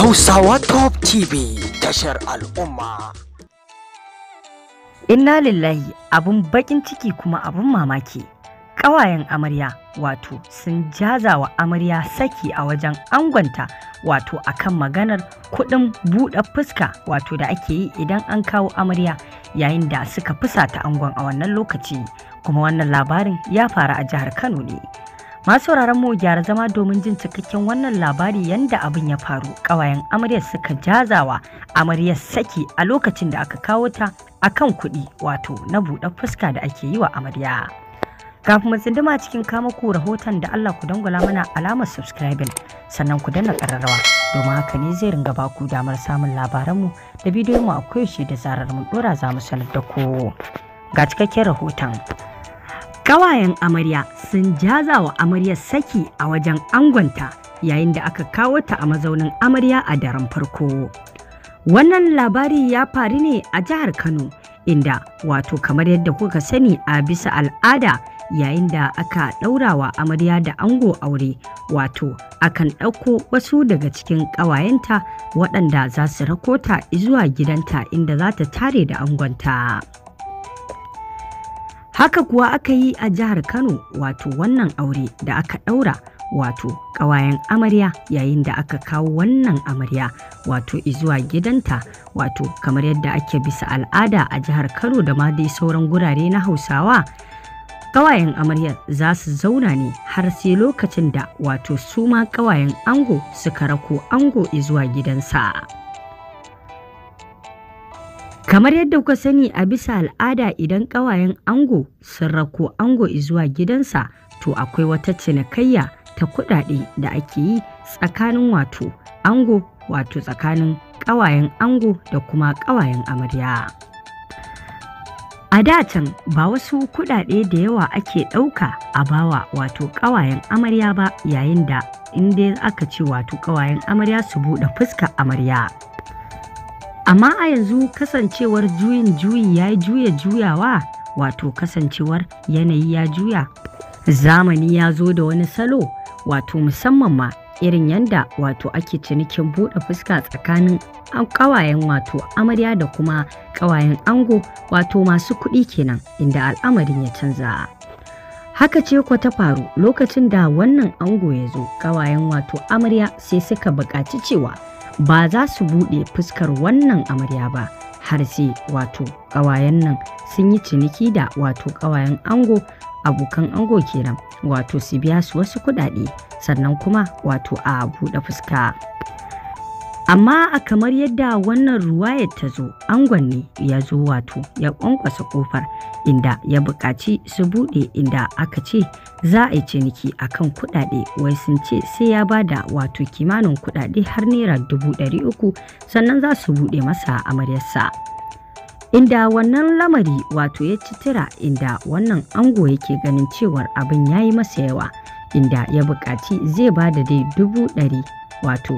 Hausawa Top TV tashar al'umma. Inna lillahi abun bakin ciki kuma abun mamaki. Ƙawayen amarya wato sun wa amarya saki a wajen angonta wato akan maganar kuɗin buɗe fuska wato da ake yi idan an kawo amarya yayin da suka fusata angon a wannan lokaci kuma wannan labarin ya faru a jihar Kano ne. Masu mu gyara zama domin jin cikakken wannan labari yadda abin ya faru. Ƙawayen amaryar suka jazawa amaryar saki a lokacin da aka kawo ta akan kuɗi wato na buɗe fuska da ake yi wa amarya. Kafin mu tsinduma cikin kamaku rahoton da Allah ku dangwala mana alamar subscribing sannan ku danna ƙararrawa domin haka ne zai ringa ba ku damar samun labaranmu da bidiyon mu a koyaushe da zarar mun ɗora za mu sanar da ku. Ga cikakken rahoton. Ƙawayen amarya sun jaza wa amaryar saki a wajen angonta yayin da aka kawo ta a mazaunin amarya a daren farko. Wannan labari ya faru ne a jihar Kano inda wato kamar yadda kuka sani a bisa al'ada yayin da aka ɗaurawa amarya da ango aure wato akan ɗauko wasu daga cikin ƙawayenta waɗanda za su rakota zuwa gidanta inda za ta tare da angonta. Haka kuwa aka yi a jihar Kano wato wannan aure da aka ɗaura wato ƙawayen amarya yayin da aka kawo wannan amarya wato izuwa gidanta wato kamar yadda ake bisa al'ada a jihar Kano da ma dai sauran gurare na Hausawa. Ƙawayen amaryar za su zauna ne har sai lokacin da wato su ma ƙawayen ango suka rako ango izuwa gidansa. Kamar yadda kuka sani a bisa al'ada idan ƙawayen ango sun rako ango zuwa gidansa to akwai wata cinikayya ta kuɗaɗe da ake yi tsakanin wato ango wato tsakanin ƙawayen ango da kuma ƙawayen amarya. A da can ba wasu kuɗaɗe da yawa ake ɗauka a bawa wato ƙawayen amarya ba yayin da inda aka ce wato ƙawayen amarya su buɗe fuska amarya. amma a yanzu kasancewar juyin juyi ya yi juya juyawa wato kasancewar yanayi ya juya zamani ya zo da wani salo wato musamman ma irin yadda wato ake cinikin buɗe fuska tsakanin ƙawayen wato amarya da kuma ƙawayen ango wato masu kuɗi kenan inda al'amarin ya canza haka ce ko ta faru lokacin da wannan ango ya zo ƙawayen wato amarya sai suka buƙaci cewa ba za su buɗe fuskar wannan amarya ba har sai wato ƙawayen nan sun yi ciniki da wato ƙawayen ango abokan ango kenan wato su biya su wasu kuɗaɗe sannan kuma wato a buɗe fuska. amma a kamar yadda wannan ruwayar ta zo angon ne ya zo wato ya kwankwasa kofar inda ya bukaci su buɗe inda aka ce za a yi ciniki a kan kuɗaɗe wai sun ce sai ya ba da wato kimanin kuɗaɗe har naira dubu ɗari uku sannan za su buɗe masa amaryarsa inda wannan lamari wato ya ci tira inda wannan ango yake ganin cewar abin ya yi masa yawa inda ya bukaci zai ba da dai dubu ɗari wato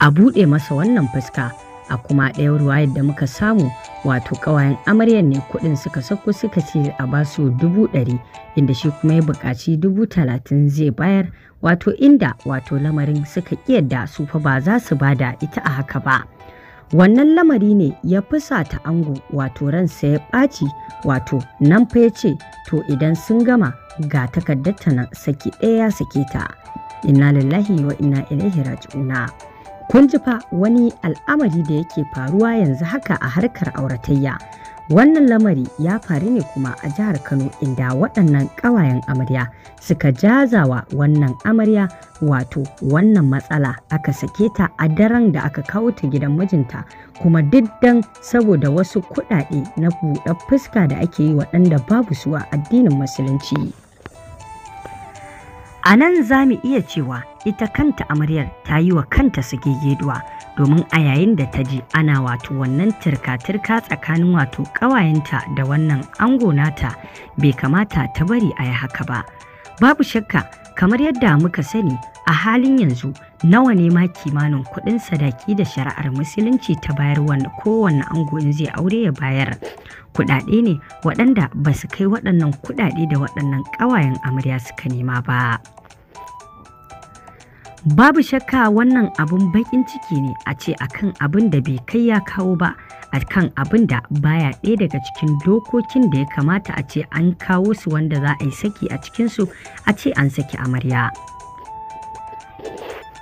a buɗe masa wannan fuska a kuma ɗaya ruwa yadda muka samu wato ƙawayen amaryar ne kuɗin suka sako suka ce a basu dubu ɗari inda shi kuma ya buƙaci dubu talatin zai bayar wato inda wato lamarin suka ƙiyarda su fa ba za su bada ita a haka ba wannan lamari ne ya ta ango wato ransa ya ɓaci wato nan fa ya ce to idan sun gama ga takardar ta nan saki ɗaya ya sake ta inna lillahi wa inna ilaihi raji'una Kun ji fa wani al'amari da yake faruwa yanzu haka a harkar auratayya. Wannan lamari ya faru ne kuma a jihar Kano inda waɗannan ƙawayen amarya suka jazawa wannan amarya wato wannan matsala aka sake ta a daren da aka kawo ta gidan mijinta kuma diddan saboda wasu kuɗaɗe na buɗe fuska da ake yi waɗanda babu su a addinin musulunci. A nan za mu iya cewa ita kanta amaryar ta yi wa kanta gegeduwa domin a yayin da ta ji ana wato wannan tirka-tirka tsakanin wato ƙawayenta da wannan ango nata bai kamata ta bari a yi haka ba. Babu shakka kamar yadda muka sani a halin yanzu nawa ne ma kimanin kuɗin sadaki da shari'ar musulunci ta bayar wanda kowanne ango in zai aure ya bayar kuɗaɗe ne waɗanda ba su kai waɗannan kuɗaɗe da waɗannan ƙawayen amarya suka nema ba. Babu shakka wannan abun baƙin ciki ne a ce akan abin da bai kai ya kawo ba, a kan abin da baya ɗaya daga cikin dokokin da ya kamata a ce an kawo su wanda za a yi saki a cikinsu a ce an saki amarya.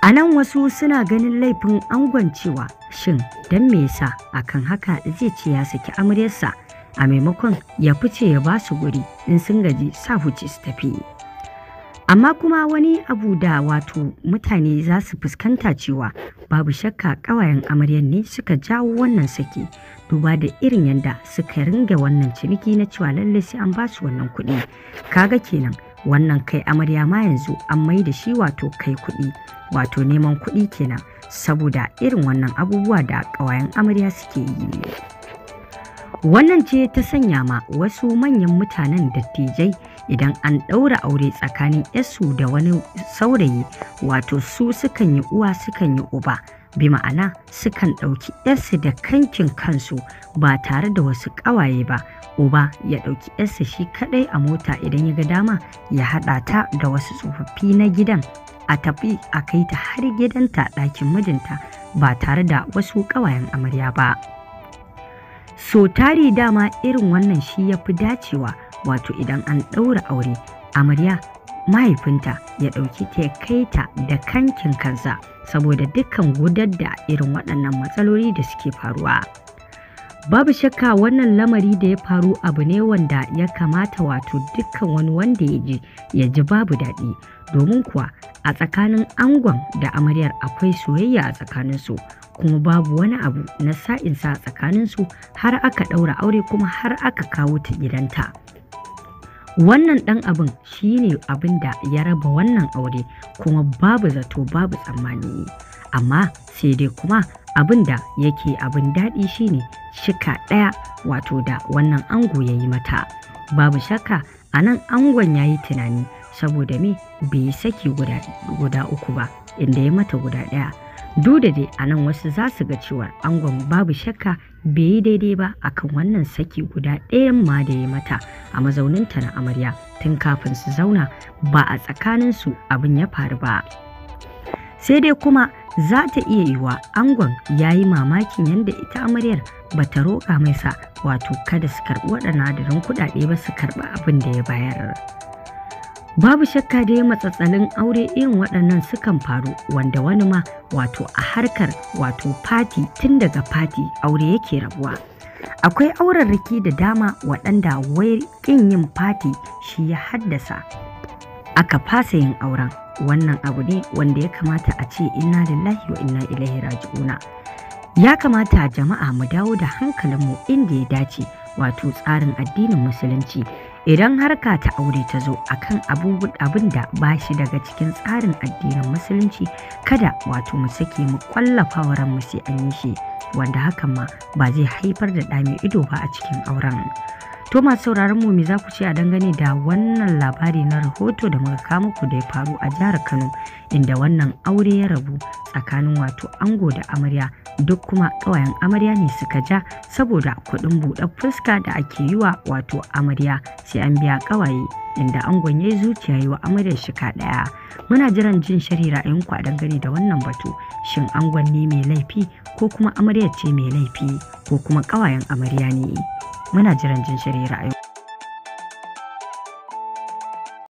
A nan wasu suna ganin laifin angon cewa shin don me yasa akan haka zai ce ya saki amaryarsa a maimakon ya fice ya ba su guri in sun gaji sa huce su tafi. amma kuma wani abu da wato mutane za su fuskanta cewa babu shakka ƙawayen amaryar ne suka jawo wannan saki duba da irin yadda suka ringa wannan ciniki na cewa lallai sai an basu wannan kuɗi kaga kenan wannan kai amarya ma yanzu an mai da shi wato kai kuɗi wato neman kuɗi kenan saboda irin wannan abubuwa da ƙawayen amarya suke yi Wannan ce ta sanya ma wasu manyan mutanen dattijai idan an ɗaura aure tsakanin yasu da wani saurayi wato su sukan yi uwa sukan yi uba. bi ma'ana sukan ɗauki 'yarsu da kankin kansu ba tare da wasu ƙawaye ba uba ya ɗauki 'yarsa shi kaɗai a mota idan ya ga dama ya haɗa ta da wasu tsofaffi na gidan a tafi a kai ta har gidanta ɗakin mijinta ba tare da wasu ƙawayen amarya ba. so tari dama irin wannan shi ya fi dacewa wato idan an ɗaura aure amarya mahaifinta ya ɗauki ta ya kai ta da kankin kansa saboda dukkan gudar da irin waɗannan matsaloli da suke faruwa. Babu shakka wannan lamari da ya faru abu ne wanda ya kamata wato dukkan wani wanda ya ji ya ji babu daɗi domin kuwa a tsakanin angon da amaryar akwai soyayya a tsakaninsu kuma babu wani abu na sa'insa a tsakaninsu har aka ɗaura aure kuma har aka kawo ta gidanta wannan ɗan abin shine abin da ya raba wannan aure kuma babu zato babu tsammani amma sai dai kuma abin da yake abin daɗi shine shika ɗaya wato da wannan ango ya yi mata babu shakka a nan angon ya yi tunani saboda me bai yi saki guda uku ba inda ya mata guda ɗaya duk da dai a nan wasu za su ga cewa angon babu shakka bai yi daidai ba akan wannan saki guda ɗayan ma da ya mata a mazauninta na amarya tun kafin su zauna ba a tsakanin su abin ya faru ba sai dai kuma za ta iya yiwa angon ya yi mamakin yadda ita amaryar ba ta roƙa mai sa wato kada su karɓi waɗannan adadin kuɗaɗe ba su karɓi abin da ya bayar Babu shakka da dai matsatsalin aure irin waɗannan sukan faru wanda wani ma wato a harkar wato fati tun daga fati aure yake rabuwa. Akwai auren da dama waɗanda wai ƙin yin fati shi ya haddasa aka fasa yin auren wannan abu ne wanda ya kamata a ce inna lillahi wa inna ilaihi raji'una. Ya kamata jama'a mu dawo da hankalinmu inda ya dace wato tsarin addinin musulunci. Idan harka ta aure ta zo a kan abin da ba shi daga cikin tsarin addinin Musulunci, kada wato mu sake mu ƙwallafa wa ranmu sai an yi shi, wanda hakan ma ba zai haifar da ɗa ido ba a cikin auren. To masu mu me za ku ce a dangane da wannan labari na rahoto da muka kama muku da ya faru a jihar Kano inda wannan aure ya rabu tsakanin wato ango da amarya duk kuma ƙawayen amarya ne suka ja saboda kuɗin buɗe fuska da ake yi wa wato amarya sai an biya ƙawaye inda angon ya yi zuciya yi wa amarya shika ɗaya. Muna jiran jin shari ra'ayinku a dangane da wannan batu shin angon ne mai laifi ko kuma amarya ce mai laifi ko kuma ƙawayen amarya ne. Muna jiran jin shirye ra'ayoyi.